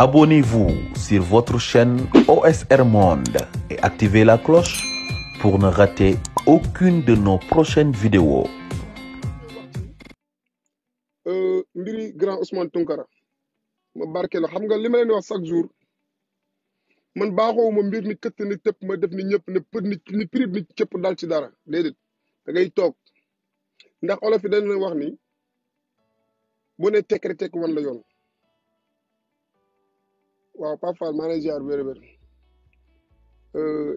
Abonnez-vous sur votre chaîne OSR Monde et activez la cloche pour ne rater aucune de nos prochaines vidéos. Euh, mbiri grand Ousmane Tounkara ma barke la xam nga li ma leen wax chaque jour man baaxoowu ma mbir ni këtt ni tëpp ma def ni ñëpp ne për ni ni prib ni cëpp dal ci dara déedéet da ngay toog ndax olof yi dañ leen wax ni bu ne tekk rek la yoon waaw Pape Fall maa ngi lay ziar wér euh,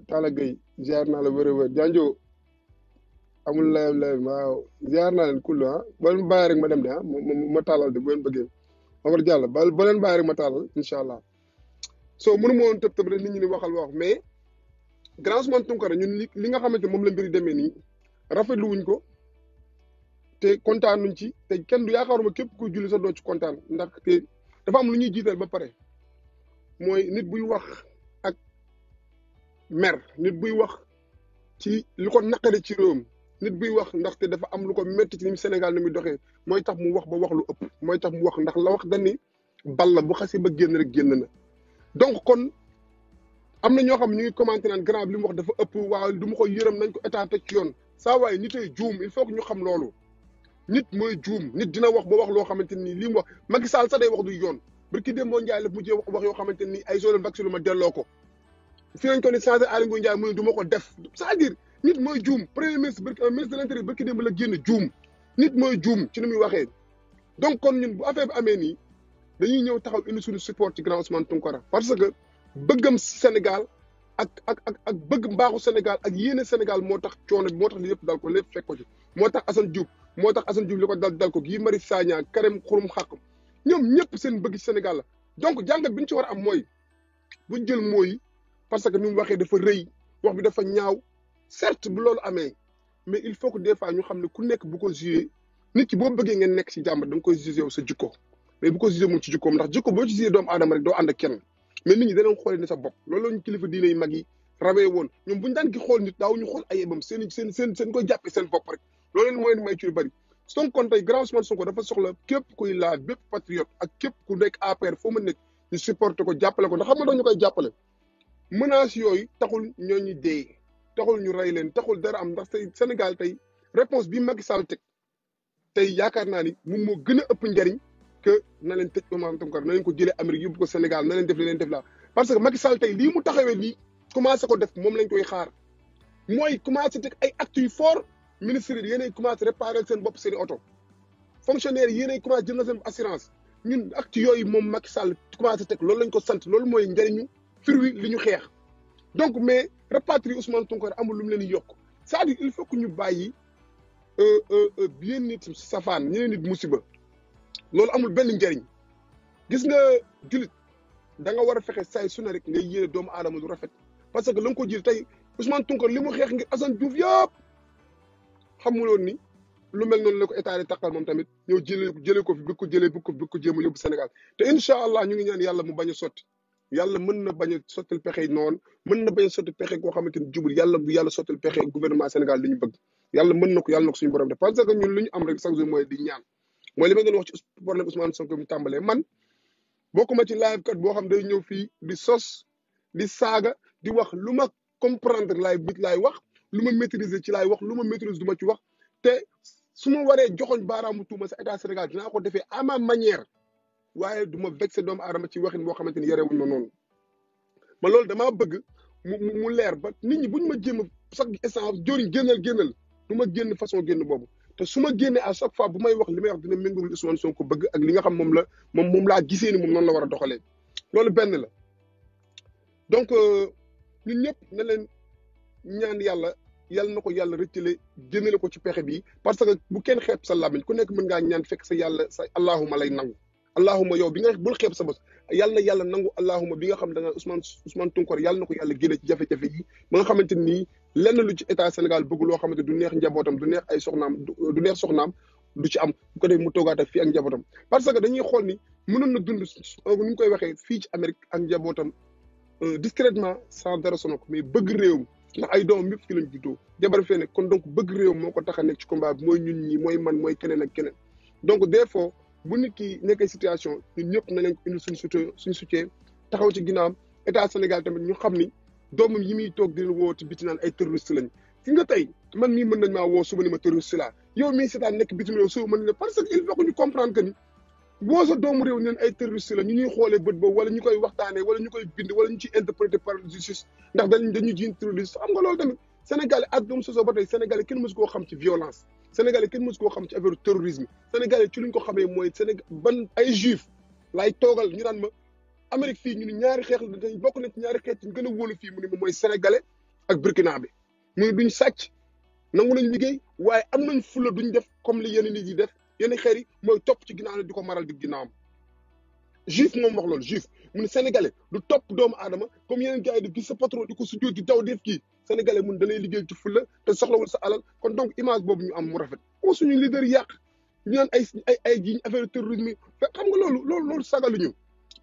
naa la wér-wér amul layam layam waaw ziar naa leen kulli ah boo leen bàyyi ma dem de ah ma ma taalal de bu leen bëggee Omar Diallo ba ba leen bàyyi ma taalal incha allah soo mënu ma woon tëb tëb rek nit ñi di waxal wax mais Grand Ousmane Tounkara ñun li li nga xamante moom la biri demee nii rafetlu wuñ ko te kontaan kontaanuñ ci te kenn du yaakaaruma képp ko julli sa doo ci kontaan ndax te dafa am lu ñuy jiital ba pare. mooy nit buy wax ak mer nit buy wax ci lu ko naqari ci réewam nit buy wax ndaxte dafa am lu ko métti ci ni Sénégal ni muy doxee mooy tax mu wax ba wax lu ëpp mooy tax mu wax ndax la wax dani ni balla bu xasee ba génn rek génn na donc kon am na ñoo xam ñu ngi commenté naan grand bi li mu wax dafa ëpp waa du ma ko yërëm nañ ko état te ci yoon saa waaye nitay juum il foog ñu xam loolu nit mooy juum nit dina wax ba wax loo xamante ni li mu wax Macky Sall sax day wax yoon barki démboo Ndiaye wax yoo xamante ni ay soo leen vacciné ma delloo ko si lañ ko ni changé ma ko def mooy juum premier ministre barki euh, ministre de l'intérieur barki démb la génn juum nit mooy juum ci ni muy waxee donc kon ñun bu affaire bi amee nii dañuy ñëw taxaw indi suñu support ci grand Ousmane Tounkara parce que bëggam Sénégal ak ak ak ak bëgg mbaaxu Sénégal ak yéene Sénégal moo tax coono bi moo tax li yëpp dal ko lépp fekk ko ci moo tax Assane Diouf moo tax Assane Diouf li ko dal dal ko Guy Marius Sagna Karim Xurum Xaq ñoom ñëpp seen bëgg Sénégal la donc jàngat bi ñu ci war a am mooy buñ jël mooy parce que ni mu waxee dafa rëy wax bi dafa ñaaw certes bu loolu amee mais il faut que des ñu xam ne ku nekk bu ko jugé nit ki boo bëggee ngeen nekk ci jàmbat da nga koy jugé ko jugé moom ci jikkoom ndax jikko boo ci jugé doomu aadama rek doo ànd ak kenn mais nit ñi danañ xoolee ne sa bopp loolu ñu kilifa diine yu mag rawee woon ñoom buñu daan ki xool nit daaw ñu xool ay yebam seen seen seen seen koy jàppee seen bopp rek loolu leen mooy may ci lu Sonko tey grand Ousmane Sonko dafa soxla képp kuy laal bépp patriote a képp ku nekk APR foo ma nekk ñu supporté ko jàppale ko ndax xam nga dañu koy jàppale menaces yooyu taxul ñooñu dee taxul ñu rey leen taxul dara am ndax tey Sénégal tey réponse bi Macky Sall teg tey yaakaar naa ni moom moo gën a ëpp njariñ que na leen tëj Ousmane Sonko na leen ko jëlee Amérique yóbbu ko Sénégal na leen def li leen def laa parce que Macky Sall tey lii mu taxawee nii commencé ko def moom lañ koy xaar mooy commencé teg ay actes yu ministre yi yéenay commencé réparé seen bopp seen i oto fonctionnaire yi yéenay commencé jël na seen assurance ñun ak ci yooyu moom Macky Sall commencé teg loolu lañ ko sant loolu mooy njëriñu firwi li ñu xeex donc mais rapatrier Ousmane Tounkara amul lu mu leen yokk c'est-à-dire il faut que ñu bàyyi yenn euh, euh, euh, nit safaan ñeneen nit musiba loolu amul benn njëriñ gis nga jullit war a fexe say su rek ngay yéene doomu aadama lu rafet parce que la ko jiir tey Ousmane Tounkara li mu xeex ngir assan Diouf yëpp xam xamuloon ni lu mel no noonu la ko état di taqal moom tamit ñëw jëlee jëlee ko fi bi ko jëlee bi ko bi ko jéem a yóbbu Sénégal te incha allah ñu ngi ñaan yàlla mu bañ a sotti yàlla mën na bañ a sottil pexe noonu mën na bañ a sotti pexe koo xamante ni jubul yàlla bu yàlla sottil pexe gouvernement Sénégal li ñu bëgg yàlla mën na ko yàlla na ko suñu borom def parce que ñun li am rek chaque mooy di ñaan mooy li ma doon wax ci problème Ousmane Sonko mu tàmbalee man bokkuma ci live kat boo xam day ñëw fii di sos di saaga di wax lu ma comprendre laay bit laay wax lu ma maîtriser ci laay wax lu ma maîtriser du ma ci wax te su ma waree joxoñ baaraamu tuuma sa état Sénégal dinaa ko defee à ma manière waaye du ma vexé doomu aadama ci waxin boo xamante ni yarewuñ ma noonu ma loolu damaa bëgg mu mu leer ba nit ñi buñ ma jéem a chaque instant joriñ génnal génnal du ma génn façon génn boobu te su génnee à chaque bu may wax li may wax dina méngóog li Ousmane Sonko bëgg li nga xam moom la moom moom laa gisee ni moom noonu la war a doxalee loolu benn la donc euh, ñun ñëpp na leen ñaan yàlla yal na ko yàlla rëccale jëmale ko ci pexe bi parce que bu kenn xeeb sa làmmiñ ku nekk mën ngaa ñaan fekk sa yàlla sa allahuma lay nangu allahuma yow bi nga bul xeeb sa bos yàlla na yàlla nangu allahuma bi nga xam da nga Ousmane Ousmane Tounkara yàlla na ko yàlla génne ci jafe-jafe yi ba nga xamante nii lenn lu ci état Sénégal bëgg loo xamante du neex njabootam du neex ay soxnaam du neex soxnaam du ci am bu ko defee mu toogaat ak fii ak njabootam parce que dañuy xool ni mënoon na dund euh, ni ñu koy waxee fii ci Amérique ak njabootam euh, discrètement sans dara sonal ko mais bëgg réew ndax ay doomam yëpp ki lañ juddoo jabar fee nekk kon donc bëgg réew moo ko tax a nekk ci combat bi mooy ñun ñi mooy man mooy keneen ak keneen donc des fois bu nit ki nekkee situation ñun ñëpp na leen ko indi suñu soutien suñu soutien taxaw ci ginnaawam état Sénégal tamit ñu xam ni doomam yi muy toog di leen woo ci biti naan ay terroriste lañ fi nga tey man mii mën nañ maa woo suba ni ma terroriste laa yow mii seetaan nekk bitim réew suba mën na parce que il faut woo sa doomu réew neen ay terroriste la ñu ñuy xoolee bët boobu wala ñu koy waxtaane wala ñu koy bind wala ñu ciy interprété par justice ndax dañ dañu jiin terroriste xam nga loolu tamit Sénégal ak doomu sosoo ba tey Sénégal kenn mësu koo xam ci violence Sénégal kenn mësu koo xam ci affaire terrorisme mooy Sénégal ban ay juif laay toogal ñu naan ma Amérique fii ñu ne ñaari xeex la dañ bokk na ñaari xeet ñu gën a wóolu fii mu ne ma mooy sénégalais ak burkina bi mu ne duñ sàcc nangu nañ liggéey waaye am nañ fulla duñ def comme li yenn nit yi def yenn xeer mooy topp ci ginnaaw di ko maral di ginnaawam juif moom wax loolu juif mu ne sénégalais du topp doomu aadama comme yeneen gars yi di gis sa patron di ko su jóot di daw def kii sénégalais mun da lay liggéey ci fulla te soxlawul sa alal kon donc image boobu ñu am mu rafet kon suñu leader yàq ñu naan ay ay ay jiñ affaire terrorisme yi xam nga loolu loolu loolu sagaluñu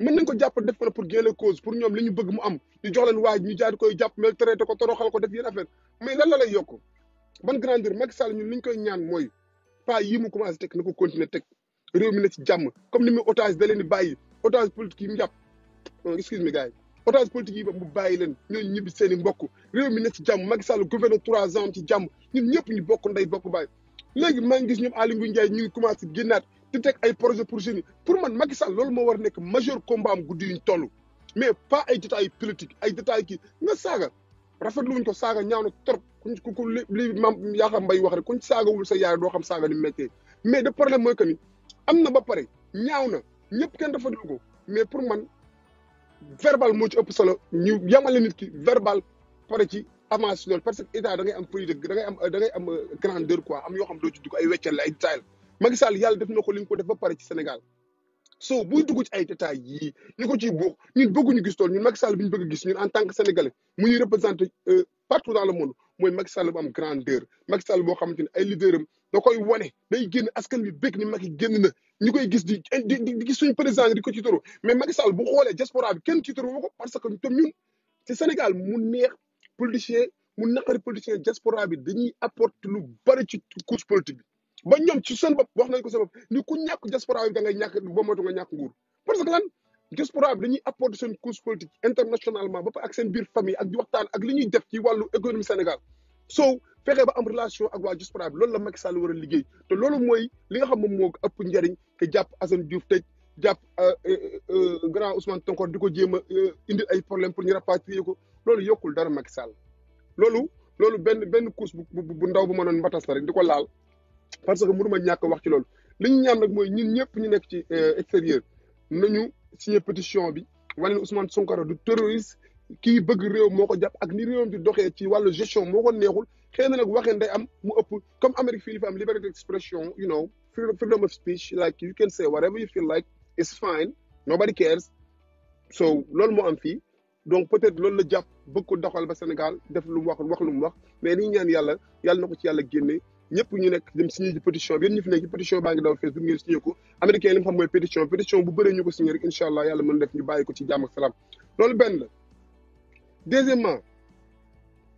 mën nañ ko jàpp def ko na pour gain la cause pour ñoom li ñu bëgg mu am ñu jox leen waaj ñu jaar koy jàpp mel traité ko toroxal ko def yenn affaire mais yokk ban grandeur Macky Sall ñun li koy ñaan mooy pas yi mu commencé teg na ko continuer teg réew mi na ci jàmm comme ni muy otage da leen di bàyyi otage politique yi mu jàpp euh, excuse me gars yi otage politique yi mu bàyyi leen ñooñu ñibbi seen i mbokk réew mi na ci jàmm Macky Sall gouverne trois ans ci jàmm ñun ñëpp ñu bokku nday bokk bàyyi léegi maa ngi gis ñoom Aliou Ndiaye ñu ngi commencé génnaat di teg ay projet pour jeunes yi pour man Macky Sall loolu moo war nekk majeur combat am guddi yuñ toll mais pas ay détails politique ay détails kii rafetlu wuñ ko saaga ñaaw na trop ku ku li maam Yakhya Mbaye wax rek kuñ saagawul sa yaay doo xam saaga ni méttee mais de problème mooy que ni am na ba pare ñaaw na ñëpp kenn rafetlu ko mais pour man verbal moo ci ëpp solo ñu yamale nit ki verbal pare ci avance loolu parce que état da ngay am prix de am euh, grandeur quoi am yoo xam doo ci dugg ay weccal la ay détail Macky Sall def na ko li ñu ko def ba pare ci Sénégal so buy dugg ci ay détails yii ñu ko ciy buux ñun bëgguñu gis tool ñu Macky sal bi ñu bëgg a gis ñun en tant que sénégalais mu ñuy représenté euh, partout dans le monde mooy Macky Sall bu am grandeur Macky Sall boo xamante ne ay leader am da koy wane day génn askan bi bëgg ni Macky génn na ñu koy gis di di gis suñu président di ko ci toro mais Macky Sall bu xoolee diaspora bi kenn ci toro woo ko parce que tam ñun ci Sénégal mu neex politicien mu naqari politicien diaspora bi dañuy apporter lu bari ci couche politique bi ba ñoom ci seen bopp wax nañ ko seen bopp ni ku ñàkk diaspora bi da ngay ñàkk ba moytu nga ñàkk nguur parce que lan diaspora bi dañuy apporter seen cause politique internationalement ba pare ak seen biir famille ak di waxtaan ak li ñuy def ci wàllu économie Sénégal soo fexee ba am relation ak waa diaspora loolu la Macky Sall war a liggéey te loolu mooy li nga xam moom moo ëpp njëriñ te jàpp Assane Diouf tëj jàpp euh, euh, euh, grand Ousmane Tonkor di ko jéem a indil ay problème pour ñu rapatrier ko loolu yokkul dara Macky Sall loolu loolu benn benn course bu bu ndaw bu mënoon mbatas la rek di ko laal parce que ma ñàkk wax ci loolu li ñu ñaan nag mooy ñun ñëpp ñu nekk ci euh, extérieur ñu signé pétition bi wane ne Ousmane Sonko du terroriste kii bëgg réew moo ko jàpp ak ni réewam di doxee ci wàllu gestion moo ko neexul xëy na nag waxeen day am mu ëpp comme Amérique fii li fi am liberté d'expression you know freedom of speech like you can say whatever you feel like it's fine nobody cares so loolu moo am fii donc peut-être loolu la jàpp bëgg ko doxal ba Sénégal def lu mu wax wax lu mu wax mais li ñu ñaan yàlla yàlla na ko ci yàlla génne ñëpp ñu nekk dem signé ci pétition bi yéen ñu fi nekk ci pétition baa ngi daw Facebook ngeen signé ko américain li mu xam mooy pétition pétition bu bëree ñu ko signé rek incha allah yàlla mën def ñu bàyyi ko ci jàmm ak salaam loolu benn la deuxièmement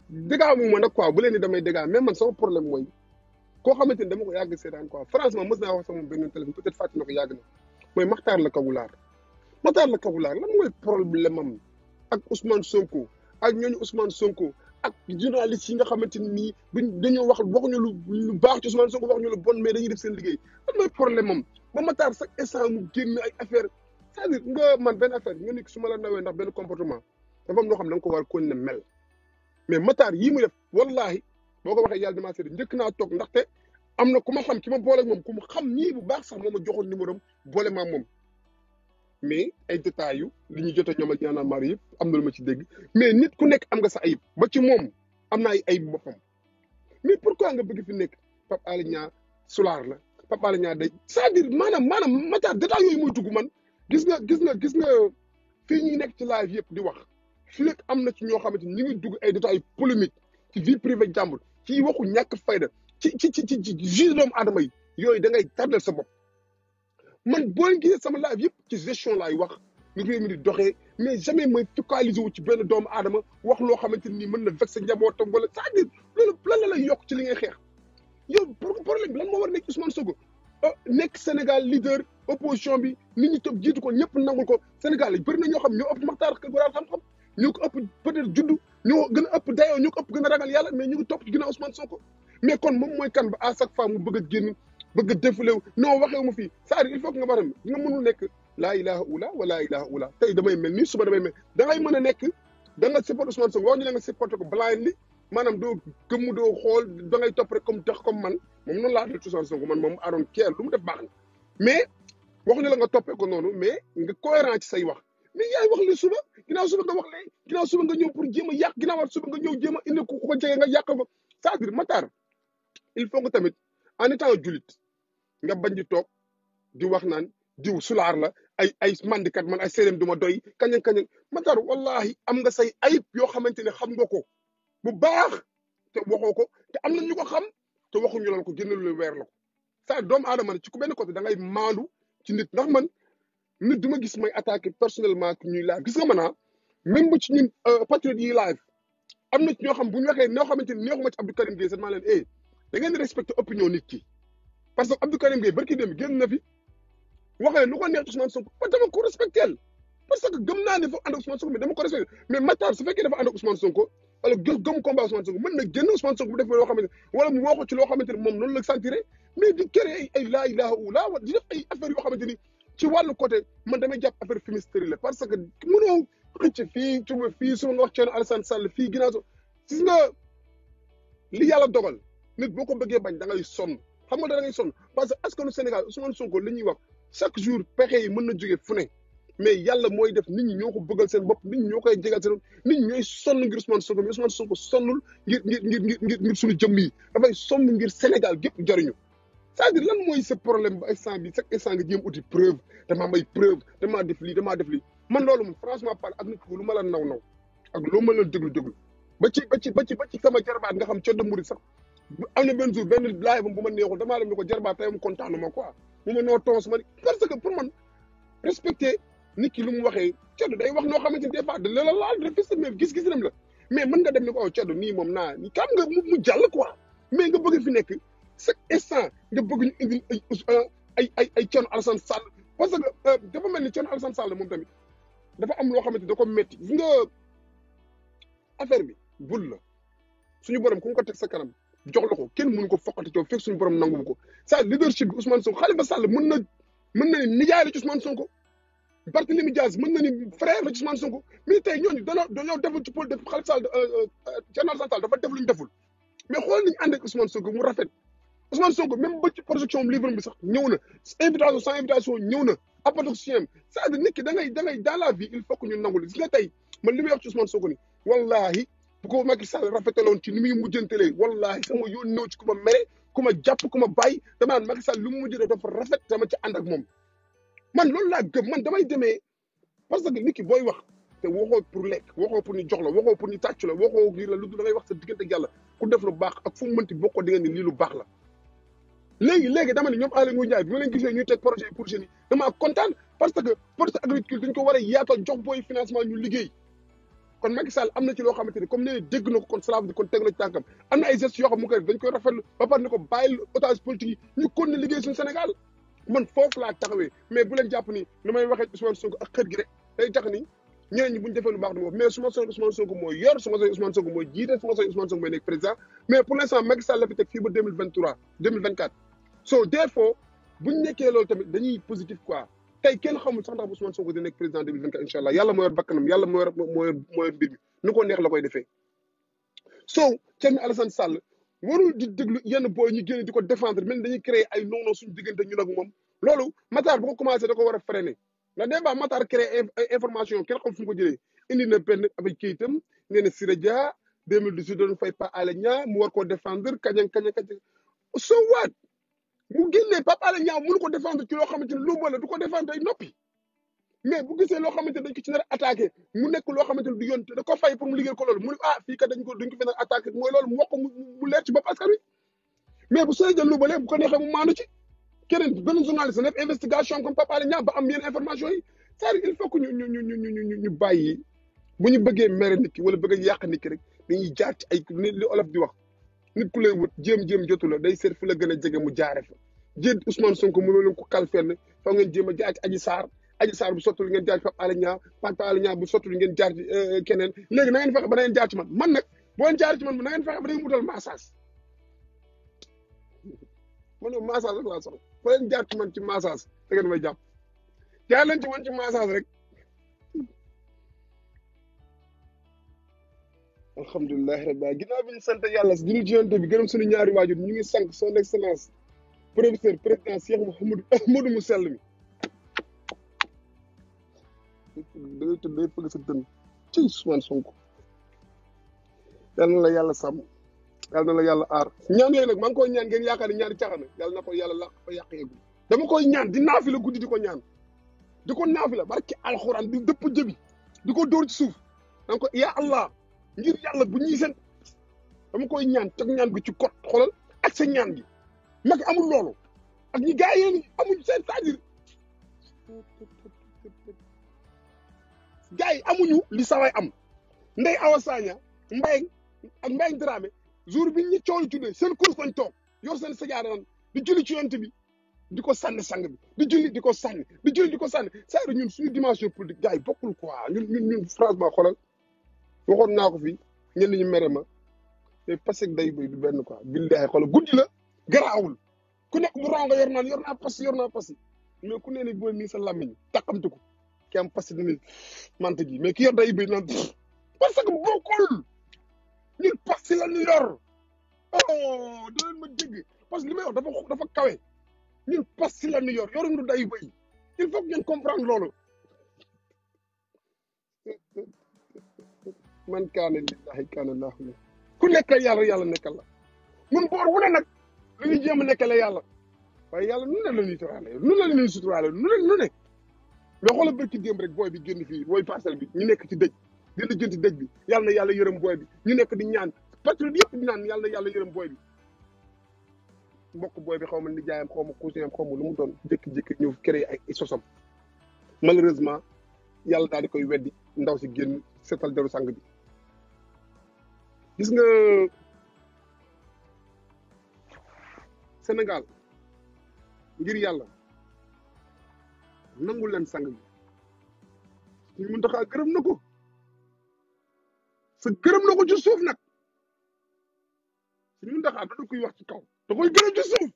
dégâts mu ma nag quoi bu leen ni damay dégâts mais man sama problème mooy koo xamante ni dama ko yàgg seetaan quoi franchement mës naa wax sama benn téléphone peut-être fàtte na ko yàgg na mooy Maxtaar la Kawulaar Maxtaar la Kawulaar lan mooy problème am ak Ousmane Sonko ak ñooñu Ousmane Sonko ak journaliste yi nga xamante ni nii buñ dañoo wax waxuñu lu lu baax ci Ousmane Sonko waxuñu lu bon mais dañuy def seen liggéey lan mooy problème am ba ma taar sax instant mu génn ay affaire c'est-à-dire nga man benn affaire nga ni su ma la nawee ndax benn comportement dafa am loo xam ne da nga ko war a ne mel mais mataar yii muy def wallaahi boo ko waxee yàlla ma seetlu njëkk naa toog ndaxte am na ku ma xam ki ma boole moom ku mu xam nii bu baax sax moo ma joxoon numéro am boole mais ay détails yu li ñu jot a ñoom ak Y'en a marre yëpp am na lu ma ci dégg mais nit ku nekk am nga sa ayib ba ci moom am na ay ayib boppam mais pour pourquoi nga bëgg fi nekk Pape Alé Niang sulaar la Pape Alé Niang day c'est-à-dire maanaam maanaam matière détails yooyu muy dugg man gis nga gis nga gis nga fii ñuy nekk ci live yëpp di wax fi nekk am na ci ñoo xamante ni ñu ngi dugg ay détails polémique ci vie privée jàmbur ci waxu ñàkk fayda ci ci ci ci juge doomu aadama yi yooyu da ngay tardel sa bopp man boo gisee sama live yëpp ci gestion laay wax nu réew mi di doxee mais jamais may focaliser wu ci benn doom aadama wax loo xamante ni mën na vexé njabootam wala c'est-à-dire loolu lan la lay yokk ci li ngay xeex yow problème bi lan moo war nekk Ousmane Sonko euh, nekk Sénégal leader opposition bi ñu ñi toog jiitu ko ñëpp nangul ko Sénégal bëri na ñoo xam ñoo ëpp maxtaar waraal xam-xam ñoo ko ëpp juddu ñoo gën a ëpp dayoo ñoo ko gën a ragal yàlla mais ñu ngi topp ci ginnaaw Ousmane moom mooy kan ba à chaque fois bëgg noo non waxewu ma fi saa il faut que nga baram nga mënul nekk laa ilaha ula wa laa ilaha ula tey damay mel nii suba damay mel da ngay mën a nekk da nga supporté Ousmane Sonko wax ñu la nga supporté ko blindly maanaam doo gëmm doo xool da ngay topp rek tax comme man moom noonu laa dal Ousmane Sonko man moom aroon keer lu mu def baax na mais wax ñu la nga toppee ko noonu mais nga cohérent ci say wax mais yaay wax li suba ginnaaw suba nga wax lee ginnaaw suba nga ñëw pour jéem a yàq ginnaaw suba nga ñëw jéem indi ku ko jege nga yàq ko c'est-à-dire Matar il faut que tamit en étant julit nga bañ di toog di wax naan diw sulaar la ay ay mandikat man ay séeréem du ma doy kañang kañang Matar wallahi am nga say ayib yoo xamante ne xam nga ko bu baax te waxoo ko te am na ñu ko xam te waxuñu la ko génne lu weer la ko saa doomu aadama ci ku benn côté da ngay maandu ci nit ndax man nit du ma gis may attaqué personnellement ku ñu live gis nga mën ah, même ci ñu euh, patriote yi live am na ci ñoo xam bu ñu waxee ñoo xamante ni neexuma ci Abdou Karim Gueye sax maa leen eh da ngeen respecté opinion nit ki. parce que Abdou Karim Gueye barki dem génn na fi wax leen lu ko neex Ousmane Sonko ba dama ko respecté parce que gëm naa ne foofu ànd ak Ousmane Sonko mais dama ko respecté mais Matar su fekkee dafa ànd ak Ousmane Sonko wala gëm combat Ousmane Sonko mën na génn Ousmane Sonko bu def loo xamante wala mu ko ci loo xamante ni moom noonu la sentiré mais di créer ay laa ilaha illa wala di def ay affaire yoo xamante ni ci wàllu côté man damay jàpp affaire fumisterie la parce que mënoo xëcc fii tuba fii su nga wax Thierno Alassane Sall fii ginnaaw dogal nit boo ko bëggee bañ da ngay sonn xam nga da ngay sonn parce que askanu Sénégal Ousmane Sonko li ñuy wax chaque jour pexe yi mën na jóge fu ne mais yàlla mooy def ni ñu ñoo ko bëggal seen bopp ni ñi ñoo koy jégal seen bopp nit ñi ñooy sonn ngir Ousmane Sonko mais Ousmane Sonko sonnul ngir ngir ngir ngir ngir suñu jëmm ngir Sénégal gépp jariñu cest à lan mooy sa problème ba instant bi se instant nga jéem uti preuve damaa may preuve damaa def lii damaa def lii man loolu moom franchement parle ak nit lu ma la naw naw ak loo ma la déglu déglu ba ci sama jarbaat nga xam codda murid am na benn jour benn live bu ma neexul damaa dem ni ko jarbaa tey mu kontaanu ma quoi mu ma noo tons ma parce que pour man respecter nit ki lu mu waxee ceddu day wax noo xamante ni des fois da la la laal refis mais gis-gis nam la mais mën nga dem ni ko aw oh ceddu nii moom naa kam nga mu jàll quoi mais nga bëgg fi nekk chaque instant nga bëgg ay ay ay Thierno Alassane Sall parce que euh, dafa mel ni Thierno Alassane Sall moom tamit dafa am loo xamante da ko métti gis nga affaire bi bul la suñu borom ku ko teg sa kanam jox la ko kenn mënu ko foqati coow fekk suñu borom nangu ko sa leadership bi Ousmane Sonko Khalifa Sall mën na mën na ni nijaay la ci Ousmane Sonko Barthélémy Diaz mën na ni frère la ci Sonko mais tey ñooñu dañoo dañoo deful ci pôle def Khalifa euh, euh, Sall dafa def lu ñu deful mais xool nañu ànd ak Ousmane Sonko mu rafet Ousmane Sonko même ba ci projection livre bi sax ñëw na invitation sans invitation ñëw na apporte siem c'est-à-dire nit ki da ngay da ngay dans la vie il faut que ñu nga tey man li may wax ci Ousmane Sonko bu ko Macky Sall rafetaloon ci ni muy mujjantelee wallahi sama yoon ñëw ci ku ma mere ku ma jàpp ku ma bàyyi dama naan Macky Sall lu mu mujj def dafa rafet dama ci ànd man loolu laa gëm man damay demee parce que nit ki booy wax te waxoo pour lekk waxoo pour ñu jox la waxoo pour ñu tàcc la waxoo ngir la lu dangay wax sa diggante ak yàlla ku def lu baax ak fu mu mënti bokkoo di ni lii baax la. léegi léegi dama ne ñoom Aly Ngouille Ndiaye bi ma projet yi pour jeunes yi damaa kontaan parce que projet agriculture war a yaatal booy financement ñu liggéey kon Macky Sall am na ci loo xamante ni comme nee na dégg na ko kon cela veut kon teg na ci am na ay gestes mu koy dañ koy rafetlu ba pare ne ko bàyyil otage politique yi ñu kon ne liggéey suñu Sénégal man foofu laa taxawee mais bu leen ni ni may waxee Ousmane Sonko ak xër gi rek day tax ni ñeneen ñi bu ñu baax dama wax mais su ma soxla Ousmane Sonko mooy yor su ma soxla Ousmane mooy nekk président mais pour l' instant Macky la fi fii ba deux mille vingt trois tamit dañuy positif quoi tey kenn xamul sax ndax Ousmane Sonko di nekk président 2024 incha allah yàlla moo yor bakkanam yàlla moo yor moo yor moo yor mbir mi ni ko neex la koy defee soo Thierno Alassane Sall warul di déglu yenn booy ñu génn di ko défendre mel dañuy créer ay noonoo suñu diggante ñun ak moom loolu Matar bu ko commencé da ko war a freiner ndax des fois Matar créé information kenn xam fu mu ko jëlee indi na benn avec kayitam nee na Siré Dia 2018 doon fay Pa Alé Niang mu war koo défendre kañang kañang kañang so waat gisee Pape Alé Niang mënu ko défendre ci loo xamante ne luuma la du ko défendre ay noppi mais bu gisee xamante ne dañ ko ci nar attaqué mu nekk loo xamante ne du yoon te da ko fay pour mu liggéey ko loolu mu ne ah fii kat dañ ko ci bopp askan wi mais bu sooy jël lu bële bu ko neexee mu maandu ci keneen beneen journaliste def investigation comme Pape Alé ba am yenn information yi cest il faut ñu ñu ñu ñu ñu ñu bàyyi bu ñu bëggee mere nit ki wala bëgg yàq nit ki rek dañuy jaar ci ay li olof di wax nit ku lay wut jéem-jéem jotu day seet fu la gën a jege mu jaare fa jéem Ousmane Sonko mënoo leen ko kal fenn fa ngeen jéem a jaar ci Adji Sarr Adji Sarr bu sottul ngeen jaar ci Pape Alé Niang Pape Alé Niang bu sottul ngeen jaar ci euh, keneen léegi na ngeen fexe ba na ngeen jaar ci man man nag boo leen jaar ci man na ngeen fexe ba na ngeen wutal massage man moom massage rek laa soxla boo leen jaar ci man ci massage da ngeen may jàpp jaar leen ci man ci massage rek alhamdulilahi rabbi ginnaaw bi ñu sant yàlla si jinu ci yonte bi gërëm suñu ñaari waajur ñu ngi sant son excellence professeur président Cheikh Mouhamadou Ahmadou mu sell mi da ngay tëdd day fëgg sa dënn ci Ousmane Sonko yal na la yàlla sàmm yal na la yàlla aar ñaan yooyu nag maa ngi koy ñaan ngeen yaakaar ñaan ñaari caxana yàlla na ko yàlla làq fa yàq yeegul dama koy ñaan di naafi la guddi di ko ñaan di ko naafi la barki alxuraan di dëpp jëbi di ko dóor ci suuf danga ko yaa allah ngir yàlla bu ñuy seen dama koy ñaan teg ñaan gi ci kot xoolal ak sa ñaan gi Macky amul loolu ak ñi gars yi nii amuñ yi amuñu li saway am Ndeye Awa Sagna Mbaye ak Mbaye Dramé jour bi ñu coow tuddee seen kuréel fañ toog yor seen sajaar naan di julli ci yonent bi di ko sànni sang bi di julli di ko sànni di julli di ko sànni c'est-à-dire ñun suñu dimension politique gars yi bokkul quoi ñun ñun ñun franchement xoolal waxoon naa ko fi ñenn ñu mere ma mais parce que day bay du benn quoi billahi xoolal guddi la. garaawul ku nekk mu rongo yor naan yor naa pass yor naa pass mais ku ne ni booy mii sa làmmiñ tàqamtu ko ki am pass dina mante gi mais ki yor day béy naan parce que bokkul ñun pass la ñu yor oh da leen ma dégg que li may wax dafa dafa kawe ñun pass la ñu yor yoruñu day béy il faut que ngeen comprendre loolu. man kaane lillahi kaane laahu ku nekk yàlla yàlla nekkal la mun boor wu bi ñu jéem a nekkale yàlla waaye yàlla nu ne la ñuy suturaale nu ne la ñuy suturaale nu ne nu ne mais xoolal barki démb rek booy bi génn fii booy parcelle bi ñu nekk ci dëj di la jënti dëj bi yàlla na yàlla yërëm booy bi ñu nekk di ñaan patriote yëpp di naan yàlla na yàlla yërëm booy bi mbokk booy bi xaw ma ni jaayam xaw ma cousin am xaw ma lu mu doon jékki-jékki ñëw créé ay sosam malheureusement yàlla daal di koy weddi ndaw si génn seetal deru sang bi gis nga Sénégal ngir yàlla nangu leen sang bi suñu Muntaxa gërëm na ko sa gërëm na ko ci suuf nag suñu Muntaxa da koy wax ci kaw da koy gërëm ci suuf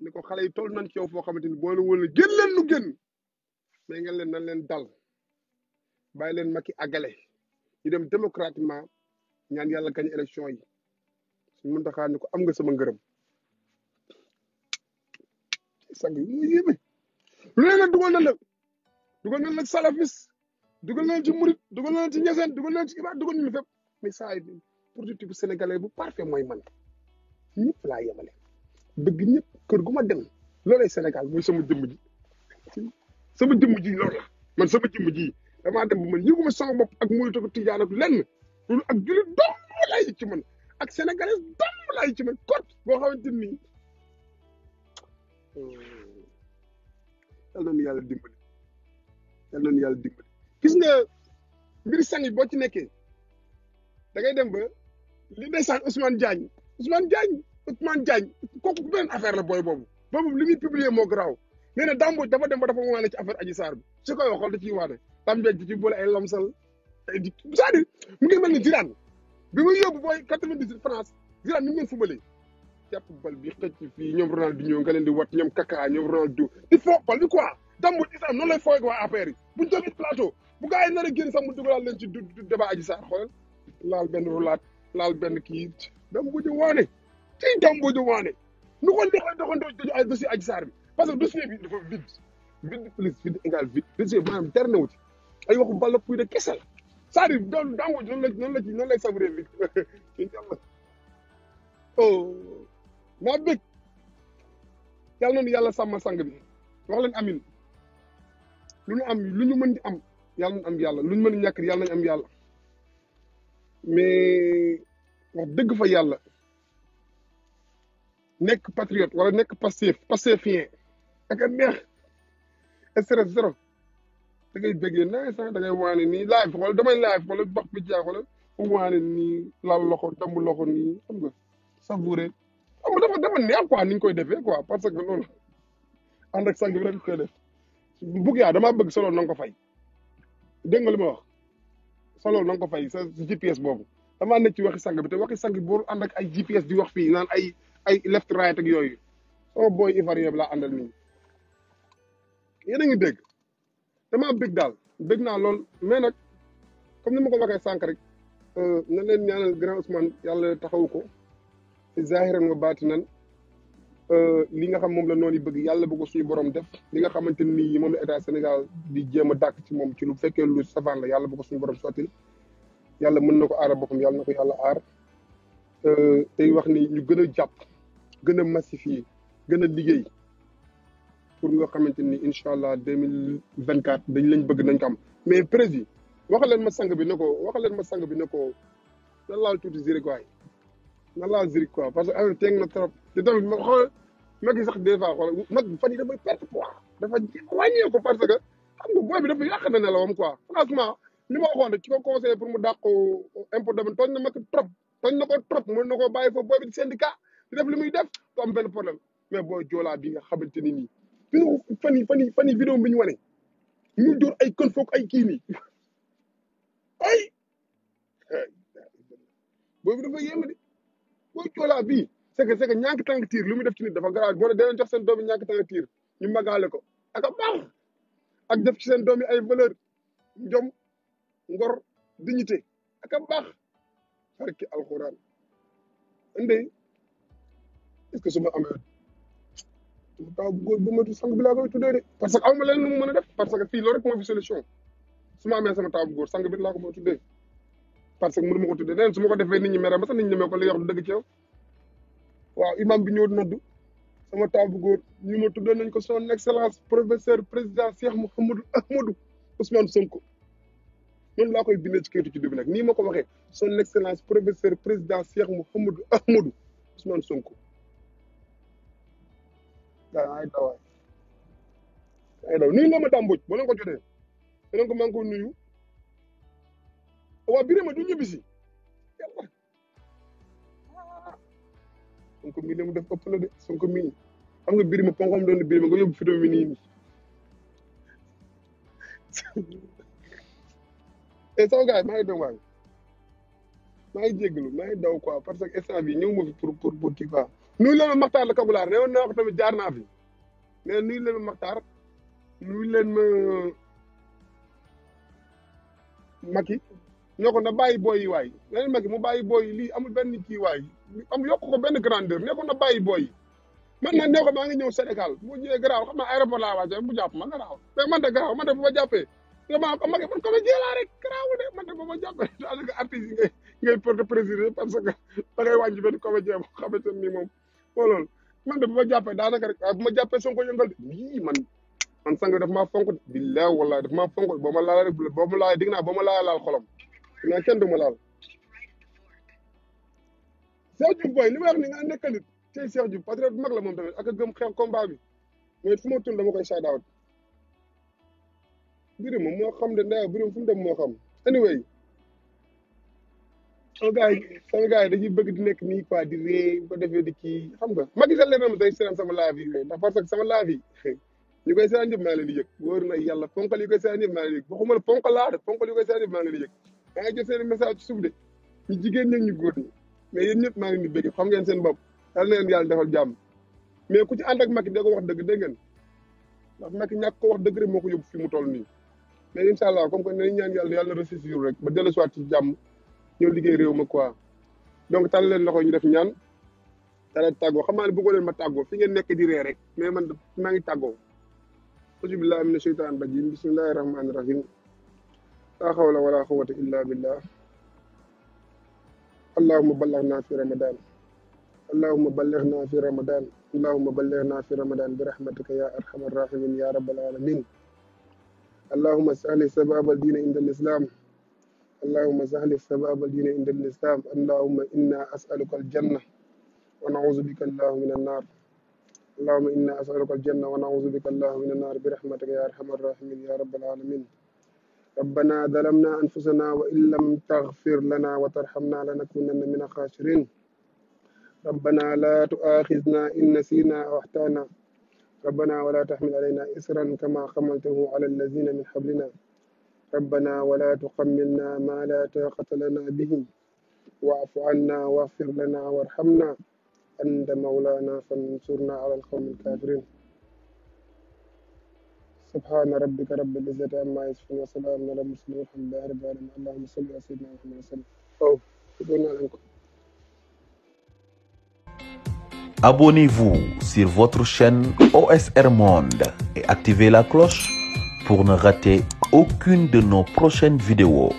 ni ko xale yi toll nañ ci yow foo xamante ni boo la wóor génn leen nu génn mais ngeen leen nan leen dal bàyyi leen Macky àggale ñu dem démocratiquement ñaan yàlla gañ élection yi suñ mën taxaa ni ko am nga sama ngërëm sang yi mu yéeme lu leen nag dugal na nag dugal na nag salafis dugal na ci murit dugal na ci ñeseen dugal na ci ibaad dugal nañu fépp mais saa yi productif bu sénégalais bu parfait mooy man ñëpp laa yemale bëgg ñëpp kër gu ma dem loolay Sénégal mooy sama jëmm ji sama jëmm ji loolu man sama jëmm ji damaa dem ba man yëguma sama bopp ak muyuta ko tijaan ak ak jullit dong laay ci man ak sénégalais dong laay ci man kot boo xamante ni yal nañu yàlla dimbali yal nañu yàlla dimbali gis nga mbir sang boo ci nekkee da ngay dem ba li ndeysaan Ousmane Diagne Ousmane Diagne Ousmane Diagne kooku beneen affaire la booy boobu boobu li muy moo garaaw nee na Dame Mbodj dafa dem ba dafa waane ci affaire Adji Sarr bi su koy waxoon da ciy waane Dame Mbodj di ci boole ay lamsal c'est-à-dire mu ngi mel ni Zidane bi muy yóbbu booy quatre-vingt-dix-huit France Zidane ni mu leen fubalee jàpp bal bi xëcc fii ñoom Ronaldinho nga leen di wat ñoom Kaka ñoom il faut bal bi quoi dambul islam noonu lay fooy waa APR yi buñ toogee plateau bu gars yi nar a génn sax mu dugalaal leen ci du débat aji sax xoolal laal benn rulaat laal benn kii dambuju waane ci dambuju waane nu ko doxal doxandoo ay bi parce que dossier bi dafa vide vide plus égal vide dossier bi maanaam dara c'est-à-dire doon dàngu noonu la noonu la ci noonu lay savourer bi suñu oh, yàlla oh maa bëgg sang bi wax lan amin lu ñu am lu ñu mën di am yàlla nañu am yàlla lu ñu mën a ñàkk yàlla nañu am yàlla mais wax dëgg fa yàlla nekk patriote wala nekk passif passifien ak a neex stress zéro da ngay bëggee nice da ngay waane nii live xool damay live xool bax bi jaay xool waane nii lal loxo damb loxo nii xam nga savouré xam nga dafa dafa neex quoi ni ñu koy defee quoi parce que loolu ànd ak sang bi rek koy def bugg yaa damaa bëgg soloon na nga ko fay dégg li ma wax soloon na nga ko fay sa GPS boobu damaa nekk ci waxi sang bi te waxi sang bi boo ànd ak ay GPS di wax fii naan ay ay left right yooyu sama oh booy ivoirien bi laa àndal nii yéen a ngi dégg. damaa bég daal bég naa lool mais nag comme ni ma ko waxee sànq rek euh, na leen ñaanal grand Ousmane yàlla taxawu ko ci zahiran wa baatinan euh, li nga xam moom la noonu bëgg yàlla bu ko suñu borom def li nga xamante ni moom la état Sénégal di jéem a dàkk ci moom ci lu fekkee lu savant la yàlla bu ko suñu borom sottil yàlla mën na ko aar boppam yàlla na ko yàlla aar euh, tey wax ni ñu gën a jàpp gën a massifier gën a liggéey. pour nga xamante ni incha allah deux mille vingt quatre dañ lañ bëgg nañ ko am mais prési wax leen ma sang bi ne ko wax leen ma sang bi ne ko na laal tuuti zirik waay na laal zirik quoi parce que affaire teeng na trop te tamit ma xool mag yi sax des fois xool mag fan yi dafay perte poids dafa wàññee ko parce que xam nga booy bi dafa yàq na nelawam quoi franchement li ma waxoon rek ci ko conseillé pour mu dàq impôt domaine tooñ na mag trop tooñ na ko trop mën na koo bàyyi foofu booy bi syndicat di def li muy def du am benn problème mais booy joolaa bi nga xamante ni nii vidéo fan yi fan yi fan yi vidéo bi ñu wane ñu dóor ay kon foog ay kii nii ay boobu dafa yéeme de booy coolaa bii c'est que c'est que tiir lu mu def ci nit dafa garaaw moo ne jox seen doomi ñàkk tànk tiir ñu magaale ko ak baax ak def ci seen doom yi ay valeur jom ngor dignité ak a baax xarki alxuraan ande est-ce que ma amee taw bu góor bu matu sang laa koy tuddee de parce que aw ma leen nu mu mën a def parce que fii loolu rek moo fi solution su ma amee sama taw bu góor sang bi laa ko mën a tuddee parce que mënu ma ko tuddee leneen ma ko defee nit ñi mere ma sax nit ñi ko li wax du dëgg ci yow bi ñëw noddu sama taw bu góor ñu ma tuddee nañ ko son excellence professeur président Cheikh Mouhamadou Ahmadou Ousmane Sonko noonu laa koy bindee ci kayitu ci bi nag nii ma ko waxee son excellence professeur président Cheikh Mouhamadou Ahmadou Ousmane Sonko ay daw waay ay daw nuyu la ma dàmbuj boo leen ko jotee danañ nuyu waa Birima du ñibbisi Sonko mii mu def ëpp na de Sonko mii xam nga Birima ponkam doon Birima nga yóbbu fi mu nii nii eh, et sama gars yi maa ngi dem ngi jégalu maa ngi daw parce que instant bii ñëw ma fi pour pour pour nuyu leen ma Maxtaar la Kagulaar ne woon naa ko tamit jaar naa fi mais nuyu leen ma Maxtaar nuyu leen ma Macky ñoo ko na bàyyi booy yi waay leneen Macky mu bàyyi booy lii amul benn kii waay am yokk ko benn grandeur ne ko na bàyyi booy yi man nag nee ko maa ngi ñëw Sénégal mu ñëwee garaaw xam naa aéroport laa wàcce bu jàpp ma garaaw mais man de garaaw man de bu ma jàppee nga maa ko Macky man comédien laa rek garaaw de man de bu ma jàppee daanaka artiste yi ngay ngay porte président parce que da ngay wàññi benn comédien boo xamante ni moom loolu man de bu ma jàppee daanaka rek ma jàppee Sonko yëngal de man man sang daf maa fonk billaay wallaay daf maa fonk boo ma laala rek boo ma laala dig naa boo laal xolam naa kenn du ma laal Cheikh Diouf boy li ma wax ni nga nekkal nit tey Cheikh Diouf patriote bu mag la moom tamit ak a gëm xeex combat bi mais ma tun dama koy shout out birim moo xam de ndaya birim fu mu dem moo xam anyway sama gars yi sama bëgg di nekk nii quoi di defee di kii xam nga Macky Sall leen sama live yi ndax parce que sama live yi koy seetaan yëpp maa leen di yëg wóor na yàlla ponkal yi koy seetaan yëpp maa leen la ponkal laa de ponkal yi koy seetaan yëpp maa leen di yëg maa ngi jot seen message bëgg xam ngeen seen bopp yàlla na leen yàlla defal mais ku ci ànd ak Macky da wax dëgg dégg ngeen ndax Macky ñàkk ko wax dëgg rek moo ko yóbbu fi mu toll nii mais incha allah comme que nañ ñaan yàlla yàlla na ressuscité rek ba dellusiwaat ci jàmm ñëw liggéey réew ma quoi donc tàll leen loxo ñu def ñaan tàlla tàggoo xam naa ne bëggoo ma tàggoo fi ngeen nekk di rek mais man maa ngi tàggoo auzu billahi mina sheytaan rajim bismillahi rahmaani rahim laa xawla wala quwwata illa billah allahuma ballaxnaa fi ramadan allahuma ballaxnaa fi ramadan allahuma ballaxnaa fi ramadan bi rahmatika ya arhamar rahimin ya rabbal alamin allahuma sali sababal diina inda al islam اللهم سهل السباب الدين عند الإسلام اللهم إنا أسألك الجنة ونعوذ بك الله من النار اللهم إنا أسألك الجنة ونعوذ بك الله من النار برحمتك يا أرحم الراحمين يا رب العالمين ربنا ظلمنا أنفسنا وإن لم تغفر لنا وترحمنا لنكونن من الخاسرين ربنا لا تؤاخذنا إن نسينا أو أحتانا ربنا ولا تحمل علينا إسرا كما حملته على الذين من حولنا ربنا ولا تحملنا ما لا طاقة لنا به واعف عنا واغفر لنا وارحمنا أنت مولانا فانصرنا على القوم الكافرين سبحان ربك رب العزة عما يصفون وسلام على المرسلين والحمد لله رب العالمين اللهم صل على سيدنا محمد وسلم أو Abonnez-vous sur votre chaîne OSR Monde et activez la cloche pour ne rater aucune de nos prochaines vidéos.